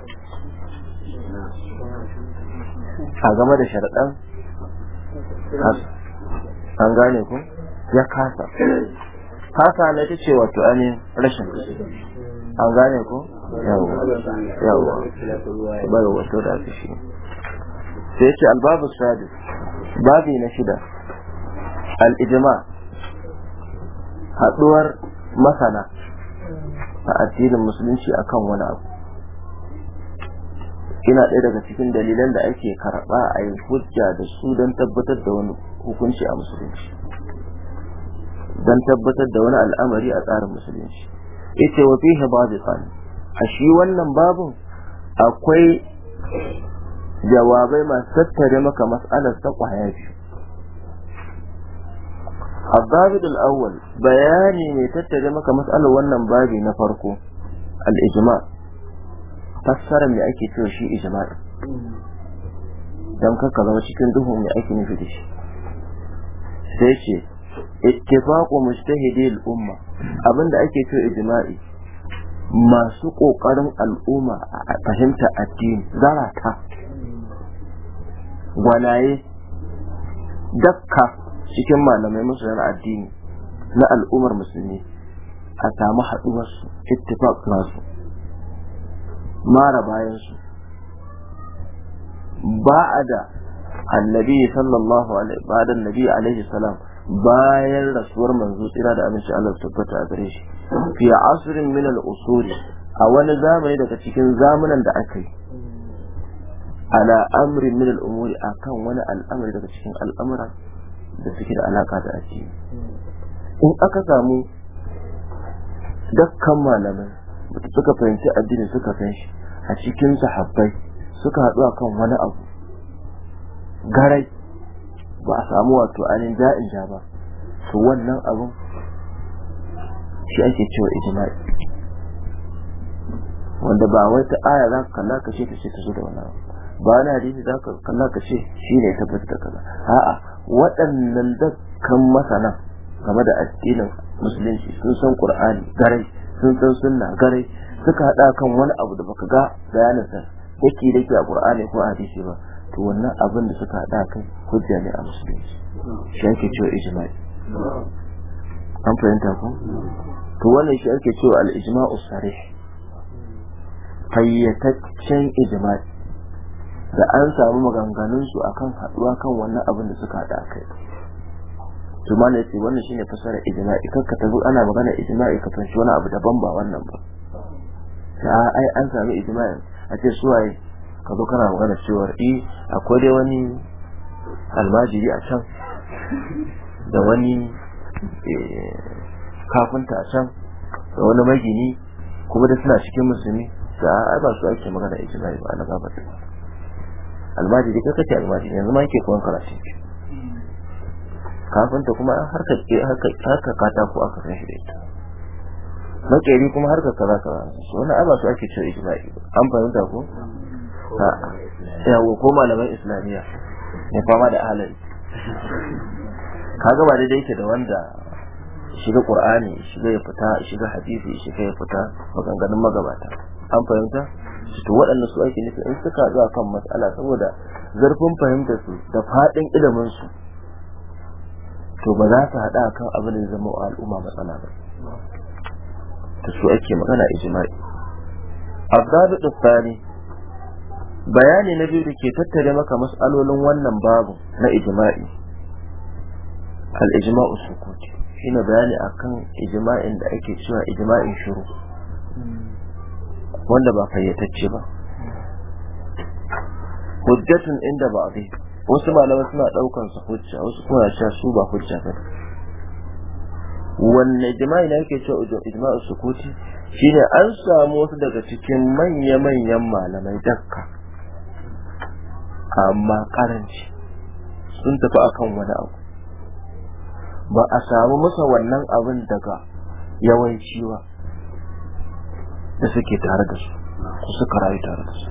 a game da sharaɗan an gane ku ya kasa kasa na ta ce wato ainihin rashin an gane ko yawa yawa bai wato da shi sai albabu sadi babi na shida al'ijima, haɗuwar masana a addinin musulunci akan wani abu ina ɗaya daga cikin dalilan da ake karɓa a yi hujja da su don tabbatar da wani hukunci a musulunci don tabbatar da wani al'amari a tsarin musulunci ita wafi habadisan a shi wannan babun, akwai jawabai masu tattare maka mas'alar ta kwaya biyu al-awwal bayani ne tattare maka mas'alar wannan babi na farko al-ijma fassarar da ake cewa shi ijma Dan kakka zama cikin duhu mai ake nufi da shi sai ce ittifaqu mujtahidi al-umma abinda ake cewa ijma'i masu kokarin al'umma a fahimta addini zarata gwanaye dakka cikin malamai masoyan addini na al'ummar musulmi a samu haɗuwarsu ittifaq nasu mara bayansu ba a da annabi sallallahu alaihi ba da bayan rasuwar manzo tsira da aminci Allah su tabbata a gare shi fi asrin min al-usuri a wani zamani daga cikin zamanan da aka yi ala amrin min al-umuri akan wani al'amari daga cikin al'amura da suke da alaka da addini in aka samu dukkan malamai da suka fahimci addini suka san shi a cikin sahabbai suka haɗu akan wani abu garai ba a samu wato ainihin ja'in ja ba su wannan abin shi ake cewa ijimai wanda ba wai ta aya za ka kalla ka ce ta ce ta zo da wani abu ba wani hadisi za ka kalla ka ce shi ne tabbata da kaza a'a waɗannan dukkan masana game da addinin musulunci sun san qur'ani garai sun san sunna garai suka hada kan wani abu da baka ga bayanin sa yake da ke a qur'ani ko hadisi ba to wannan abin da suka haɗa kai hujja ne a musulunci shi ake cewa ijma'i an fahimta ko to wannan shi ake cewa al-ijma'u sarih fayyataccen ijma'i da an samu maganganun su akan haɗuwa kan wannan abin da suka haɗa kai to ma ne wannan shine fasara ijma'i kanka ta zo ana magana ijma'i ka fanci wani abu daban ba wannan ba sai ai an samu ijma'i a ce suwaye ka zo kana magana cewar eh akwai dai wani almajiri a can da wani eh, kafinta a can da wani magini kuma da suna cikin musulmi da a ba su ake magana ijimai ba na gaba da almajiri ka kake almajiri yanzu ma yake koyon karashe. kafinta kuma harkar harkar katako aka san shi da ita makeri kuma harkar kaza kaza su wani ba su ake cewa ijimai an fahimta ko ya ko malaman islamiyya mai fama da ahalari kaga ba da yake da wanda shiga qur'ani shiga ya fita shiga hadisi shiga ya fita maganganun magabata an fahimta to waɗanda su ake nufi in suka zuwa kan mas'ala saboda zarfin fahimtar su da faɗin ilimin su to ba za su haɗa kan abin da zama wa al'umma matsala ba to su ake magana ijma'i abdabu tsani bayani na biyu da ke tattare maka mas'alolin wannan babu na ijma'i al-ijma'u sukuti shine bayani akan ijma'in da ake cewa ijma'in shuru wanda ba fayyatacce ba hujjatun inda ba a wasu malamai suna daukan su hujja wasu kuma cewa su ba hujja ba wanne ijma'i ne ake cewa ijma'u sukuti shine an samu wasu daga cikin manya-manyan malamai dakka amma karanci sun tafi akan wani abu ba a samu masa wannan abin daga yawanci ba da suke tare da su ko suka rayu tare da su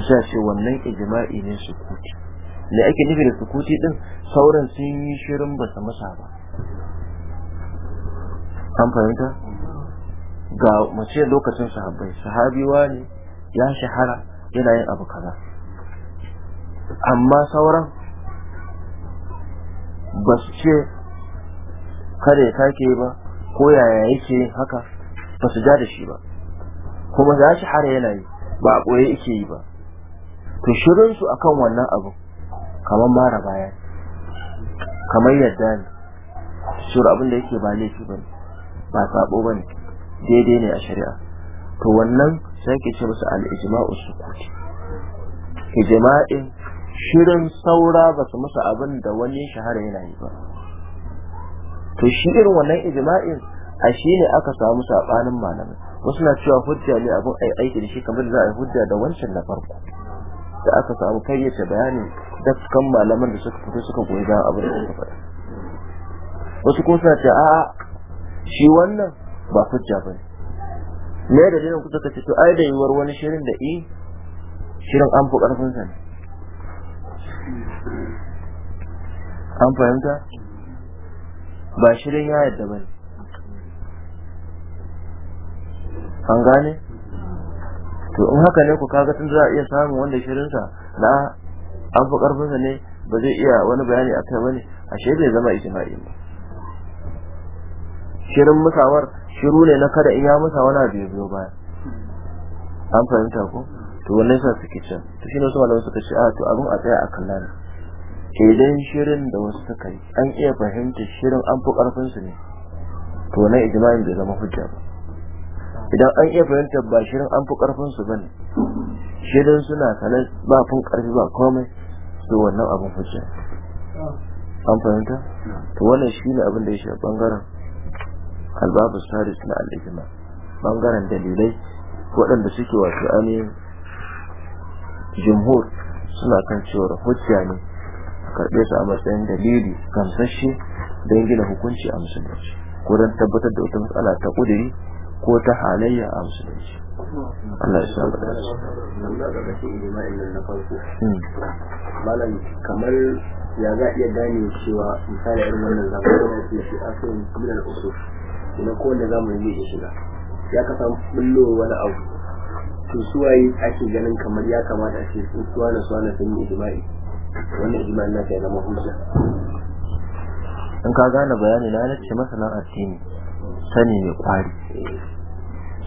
su sha ce wannan ijma'i ne su kuti ne ake nufi da su kuti din sauran sun yi shirin ba su masa ba an fahimta ga mace lokacin sahabbai sahabiwa ne ya shahara yana yin abu kaza amma sauran ba su ce kada ya ke ba ko yaya yake haka ba su ja da shi ba kuma za shi har yana yi ba a ɓoye yake yi ba to shirinsu kan wannan abu kamar mara baya kamar yadda ne shirin abin da yake ba laifi ba ne ba sabo ba ne daidai ne a shari'a to wannan sai ke ce musu al'ijma'u sukuti ijma'in shirin saura ba su musu abin da wani shahara yana yi ba to shi irin wannan ijma'in a shi ne aka samu sabanin malami wasu na cewa hujja ne abin ai aiki da shi kamar za a yi hujja da wancan na farko da aka samu kayyace bayani da kan malaman da suka fito suka goyi bayan abin da suka faɗa wasu ko suna cewa a'a shi wannan ba hujja ne. me da dalilin ka ce to ai da yiwuwar wani shirin da i shirin an fi karfin sa ne an fahimta ba shirin ya yadda ba ne an gane to in haka ne ku kaga tun za a iya samun wanda shirinsa na an fi karfinsa ne ba zai iya wani bayani a kai bane ashe zai zama ijma'i ba shirin musawar shiru ne na kada in ya musa wani abu ya biyo baya an fahimta ko to wanne sa suke can to ne su malamai suka ce a ah, to abin a tsaya a kallon idan shirin da wasu suka yi an iya fahimta shirin an fi karfin su ne to na ijma'in bai zama hujja ba idan an iya fahimta ba shirin an fi karfin su bane shirin suna sanar ba fun karfi ba komai to wannan abin hujja an fahimta to wannan shine abin da ya shafi bangaren albabu saris na Alijima, bangaren dalilai waɗanda suke wasu ainihin jumhur suna kan cewar hujja ne karbe su a matsayin dalili gamsashe don gina hukunci a musulunci ko don tabbatar da wata matsala ta ƙudiri ko ta halayya a musulunci Allah ya samu da su hmm. malam kamar ya za iya gane cewa misali irin wannan zamanin da ke shi asalin kuma da usul ina kowanne zamani zai shiga ya kasa bullo wani abu to suwaye ake ganin kamar ya kamata ce su suwa na suwa na sun yi ijimai wannan ijimai na kai na mahujja in ka gane bayani na nace masanan addini sani mai kwari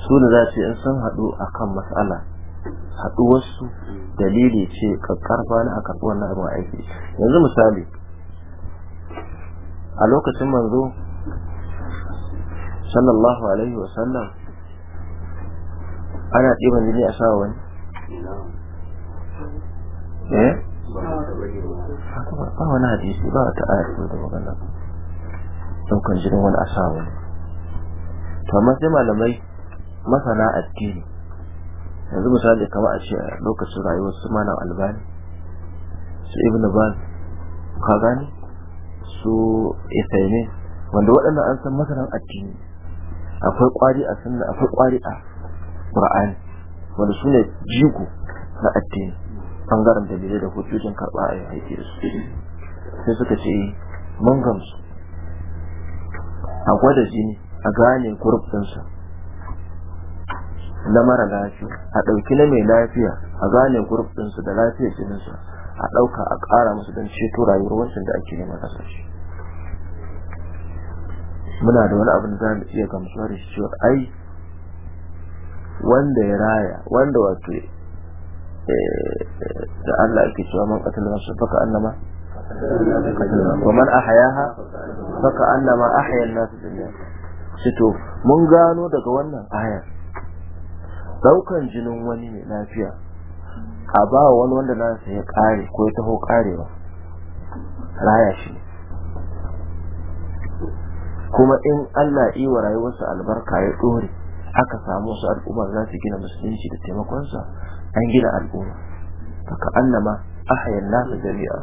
su da za ce in sun haɗu akan matsala haɗuwarsu dalili ce karfa na a karɓi wannan abin aiki yanzu misali a lokacin manzo sallallahu alaihi wasallam ana ɗiban jini a sawa wani eh ba wani hadisi ba wata ayar da magana ɗaukan jinin wani a sawa wani to amma sai malamai masana addini yanzu misali kama a ce a lokacin rayuwar su malam albani su ibn ban ka gani su ne. wanda waɗanda an san masanan addini akwai kwari a sunna akwai kwari a qur'ani wanda su ne jigo na addini bangaren dalilai da hujjojin karɓa a aiki da su sai suka ce mun gamsu a gwada jini a gane kurfinsa na mara lafiya a ɗauki na mai lafiya a gane kurfinsa da lafiyar jininsa a ɗauka a ƙara musu don ceto rayuwar wancan da ake neman ƙasashe muna da wani abin za mu iya gamsuwa da shi cewa ai wanda ya raya wanda wato eh, da Allah ake cewa man qatal nafsa faka annama wa man ahyaha faka annama ahya an-nas dunya to mun gano daga wannan aya daukan jinin wani ne lafiya a ba wani wanda na ya kare ko ya taho karewa raya shi kuma in Allah yi wa rayuwarsa albarka ya dore aka samu su al'umma za su gina musulunci da taimakonsa an gina al'umma ka annama ahayan nasa jami'a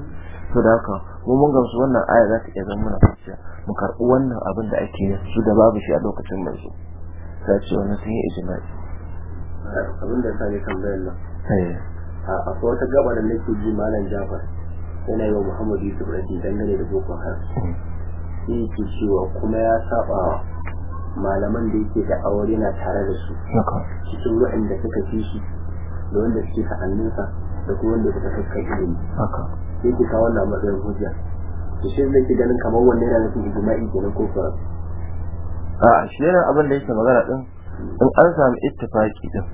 to da haka mu mun gamsu wannan aya za ta iya zama muna fasiya mu karɓi wannan abin da ake yin su da babu shi a lokacin su. za ce wannan sun yi ijimai abin da kan tambayar nan eh. a akwai wata gaba da nake ji malam jafar yana yi wa muhammadu yusuf rashi dangane da boko haram hmm. sai ke cewa kuma ya saba malaman da yake da aure na tare da su cikin da suka fi shi da wanda suke sa'annunsa, da kuma wanda suka kakkan ilimi sai ki kawo wannan matsayin hujja to shi zai ke ganin kamar wannan yana nufin ijma'i kenan ko fara a shi yana abin da yake magana din in an samu ittifaki din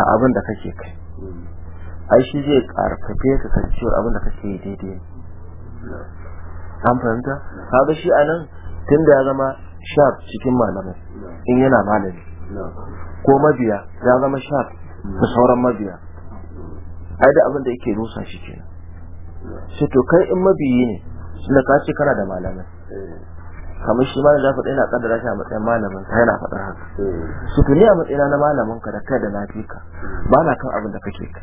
a abin da kake kai hmm. ai shi zai karfafe ka kan abin da kake daidai hmm. an fahimta kaga shi anan da ya zama sharp cikin malamai in yana malami ko mabiya ya zama sharp da sauran mabiya ai da abin da yake rusa shi ke shi to kai in mabiyi ne suna ka kana da malamai eh. kamar shi za da faɗa yana kaddara shi a matsayin malamin ka yana faɗar haka eh. su tuni a matsayina na malamin ka da kai da nafi ka ba na kan abin da kake ka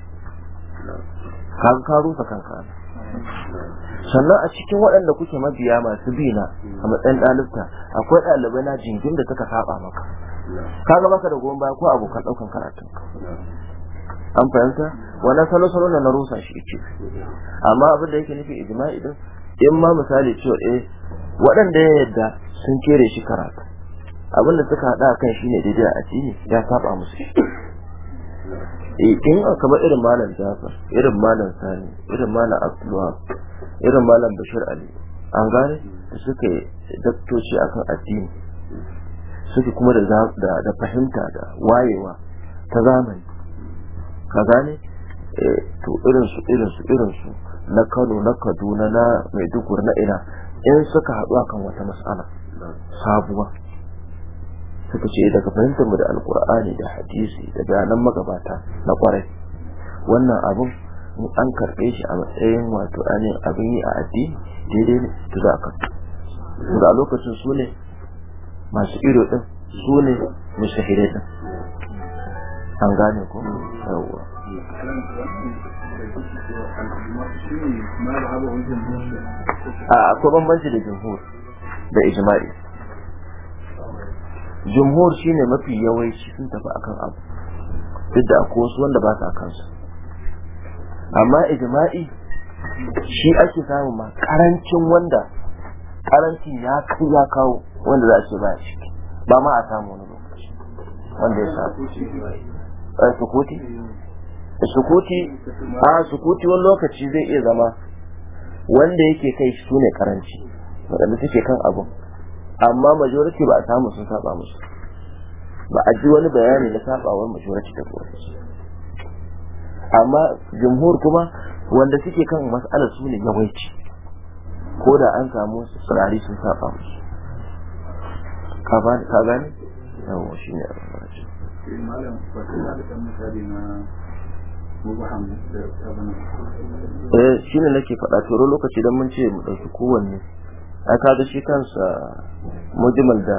ka ka rusa kanka sannan a cikin waɗanda kuke mabiya masu bi na a matsayin ɗalibta akwai ɗalibai na jingin da suka saba maka ka ga maka da goma baya ko abokan ɗaukan karatun an fahimta wannan salo salo na rusa shi ce amma abin da yake nufi ijma'i din in ma misali cewa eh waɗanda ya yadda sun kere shi karatu abin da suka haɗa kan shine daidai a ciki ya saba musu Eh, in aka ba irin malam jafar irin malam sani irin malam abdulwahab irin malam bashir ali an gane da suka daktoci akan addini suke kuma da fahimta da wayewa ta zamani ka gane eh, to irinsu irinsu irinsu na kano na kaduna na maiduguri na ina in suka haɗu akan wata matsala sabuwa suka ce daga fahimtar mu da alkur'ani da hadisi da bayanan magabata na kwarai wannan abin in an karɓe shi a matsayin wato ainihin abin yi a addini daidai ne to za ka a lokacin su ne masu ido din su ne mushahire din an gane ko yawwa a akwai bambanci da jumhur da ijma'i jumhur shine mafi yawanci sun tafi akan abu duk da akwai wasu wanda ba su akan kansu amma ijma'i shi ake samu ma karancin wanda karanci ya kai ya kawo wanda za a ce ba a ciki ba ma a samu wani lokaci wanda ya samu A eh, sukuti A eh, sukuti a sukuti wani lokaci zai iya zama wanda yake kai su ne karanci waɗanda suke kan abu. amma majority ba a samu sun saba musu ba a ji wani bayani na sabawar majority ta kuwa amma jumhur kuma wanda suke kan mas'alar su ne yawanci ko da an samu su tsirari sun saba musu ka gani? Yawo, shi ne a rarraci eh, eh shi ne nake faɗa turo lokaci don mun ce mu ɗauki kowanne a kaga shi kansa mujimal da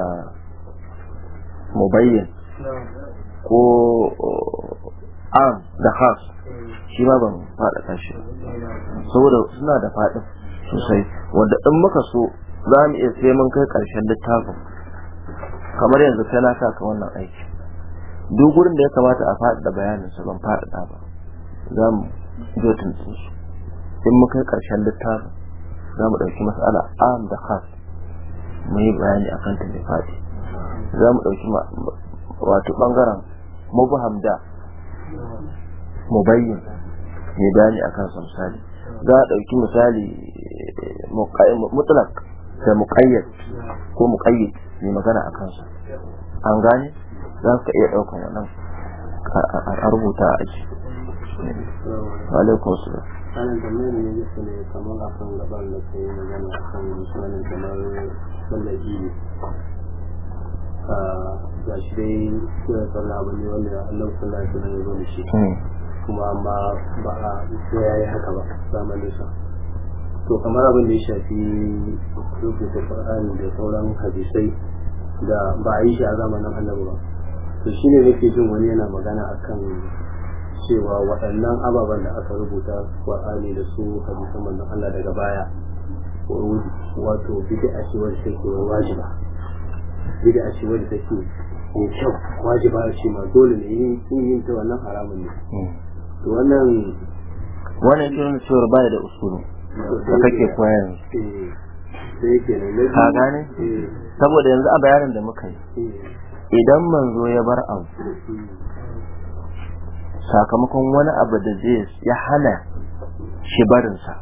mubayyin ko uh, am da khas shi ma ban fada kashi saboda suna da faɗi sosai wanda in muka so za mu iya sai mun kai ƙarshen littafin kamar yanzu sai na sa wannan aiki duk gurin da ya kamata a da bayanin su ban fada ba za mu zo tuntun su in muka kai ƙarshen littafin za mu ɗauki matsala am da khas mu yi bayani a kan mai za mu ɗauki wato ɓangaren mubham da bayyan mai bayani a kan misali za a ɗauki misali mutlak da muƙayyad ko muƙayyad mai magana a kansa an gane za ka iya ɗaukan wannan a rubuta a aji. Wa alaikum salam. wannan tambayar ne yake ne kamar akan gaban da kai magana akan misalin kamar mallaki ah, ga shi dai suna sallah ba ne wanda Allah sallah shi ne zo da shi hmm. kuma amma ba a sai ya yi haka ba zamanin sa to kamar abin da ya shafi rubuta Qur'ani da sauran hadisai da ba a yi shi a zamanin annabi ba to shine nake jin wani yana magana akan cewa waɗannan ababen da aka rubuta ƙwa'ani da su hadisan manzon Allah daga baya wato bid'a ce wanda take wajiba a ce wanda take mai kyau wajiba ce ma dole ne yin yin ta wannan haramun ne hmm. to wannan wannan kiran cewa baya da usulu da kake koyar eh, ka gane eh. saboda yanzu a bayanin da muka yi eh. idan manzo ya bar abu hmm. sakamakon wani abu da zai ya hana shi barinsa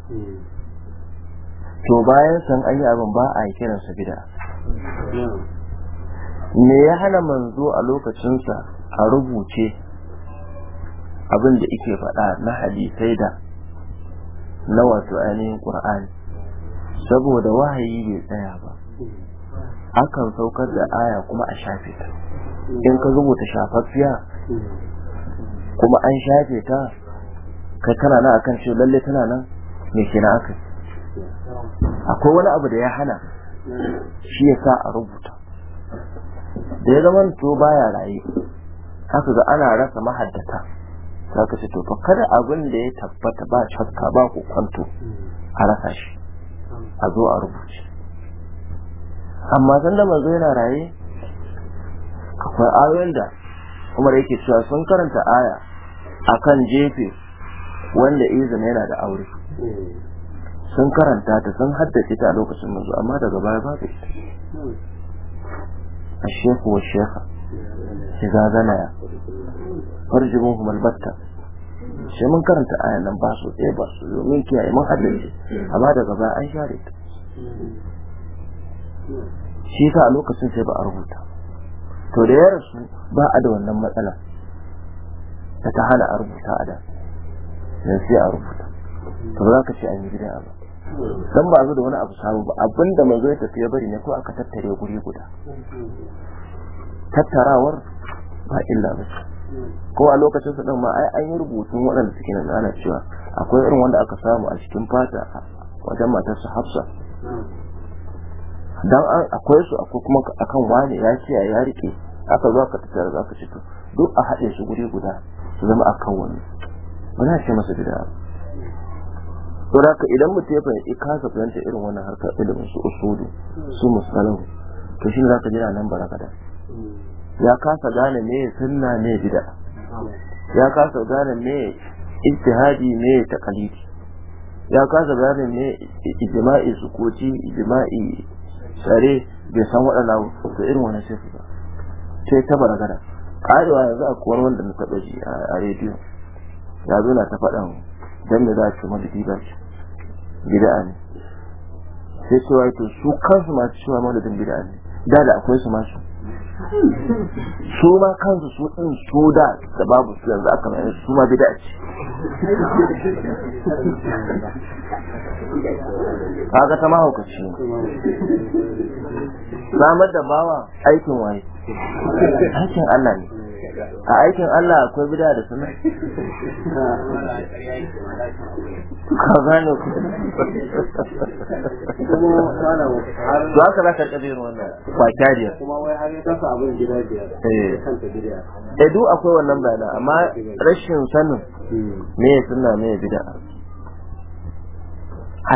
to bayan san an yi abin ba a yi kiransa gida. me ya hana manzo a lokacinsa a rubuce abin da ike faɗa na hadisai da na wato ainihin ƙur'ani saboda wahayi bai tsaya ba akan saukar da aya kuma a shafe ta in ka rubuta shafaffiya kuma an shafe ta kai kana nan akan shi lalle tana nan me na aka akwai wani abu da ya hana shi ya sa a rubuta da ya zama to baya raye Haka ga ana rasa mahaddata ka ce to fa kada abin da ya tabbata ba shakka ba ku kwanto a rasa shi a zo a rubuce amma sanda mazo yana raye akwai ayoyin da umar yake cewa sun karanta aya akan jefe wanda izina yana da aure sun karanta ta sun haddace ta a lokacin mazu amma daga baya babu ita a shekhu wa shekha shiga zanaya farjibin humalbatta sai mun karanta aya nan ba su tsaye ba su domin kiyaye mun haddace amma daga baya an share ta shi ka a lokacin sai ba a rubuta to da ya rasu ba a da wannan matsala da ta hana a rubuta a da ya sai a rubuta to za ka ce an yi gida ba don ba zo da wani abu samu ba abinda mai zai tafiya bari ne ko aka tattare guri guda tattarawar ba illa ba ko a lokacin su ma ai an yi rubutun waɗanda suke nan ana cewa akwai irin wanda aka samu a cikin fata wajen matar su Hafsa dan an akwai su akwai kuma akan wani ya ce ya rike aka zo aka tattara za ka cito duk a haɗe su guri guda su zama akan wani muna ce masa gida da ka idan mutum ya fahimci kasa fahimta irin wannan harkar ilimin su usudu su musalahu to shi za ka jira nan barakada ya kasa gane me sunna ne gida. ya kasa gane me ijtihadi me taqlidi ya kasa gane me ijma'i sukuti ijma'i tsare bai san waɗanda to irin wannan shi ba sai ta baragada karewa yanzu a kuwar wanda na taɓa ji a rediyo ya zo na ta faɗan dan da za a ce maulidi ba gida bid'a ne sai cewa to su kansu masu cewa gida bid'a ne da da akwai su masu su ma kansu su ɗin su da da babu su yanzu aka mai su ma bida ce kaga ta mahaukaci samar da bawa aikin waye aikin Allah ne a aikin Allah akwai bid'a da suna ka gane ku za ka zaka kabir wannan ba kariya kuma wai har ya kasa abin gida biyar eh kanta bid'a eh duk akwai wannan bayanan amma rashin sanin me suna me bid'a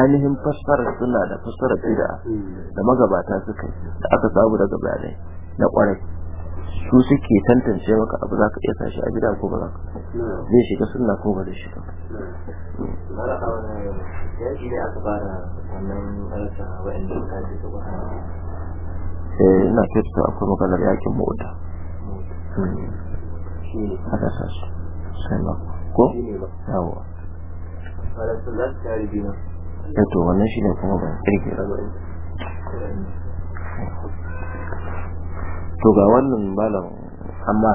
ainihin fassarar suna da fassarar bid'a hmm. da magabata suka da aka samu daga bayanai na kwarai su suke tantance maka abu za ka iya tashi a gida ko ba za ka hmm. zai shiga suna ko ba zai shiga hmm. eh, ina kyautu akwai maganar yakin mota hmm. a su sai ma ko yawa eto eh, wannan shi ne kuma ba kirkira to ga wannan malam amma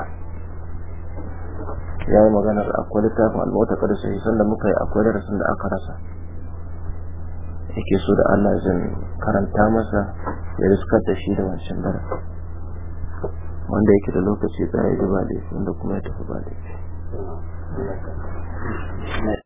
ya yi maganar akwai littafin almota kada su hisan da muka yi akwai darasin da aka rasa yake so da allah zan karanta masa ya riskar da shi da wancan dara wanda yake da lokaci tsaye da ba wanda kuma ya tafi ba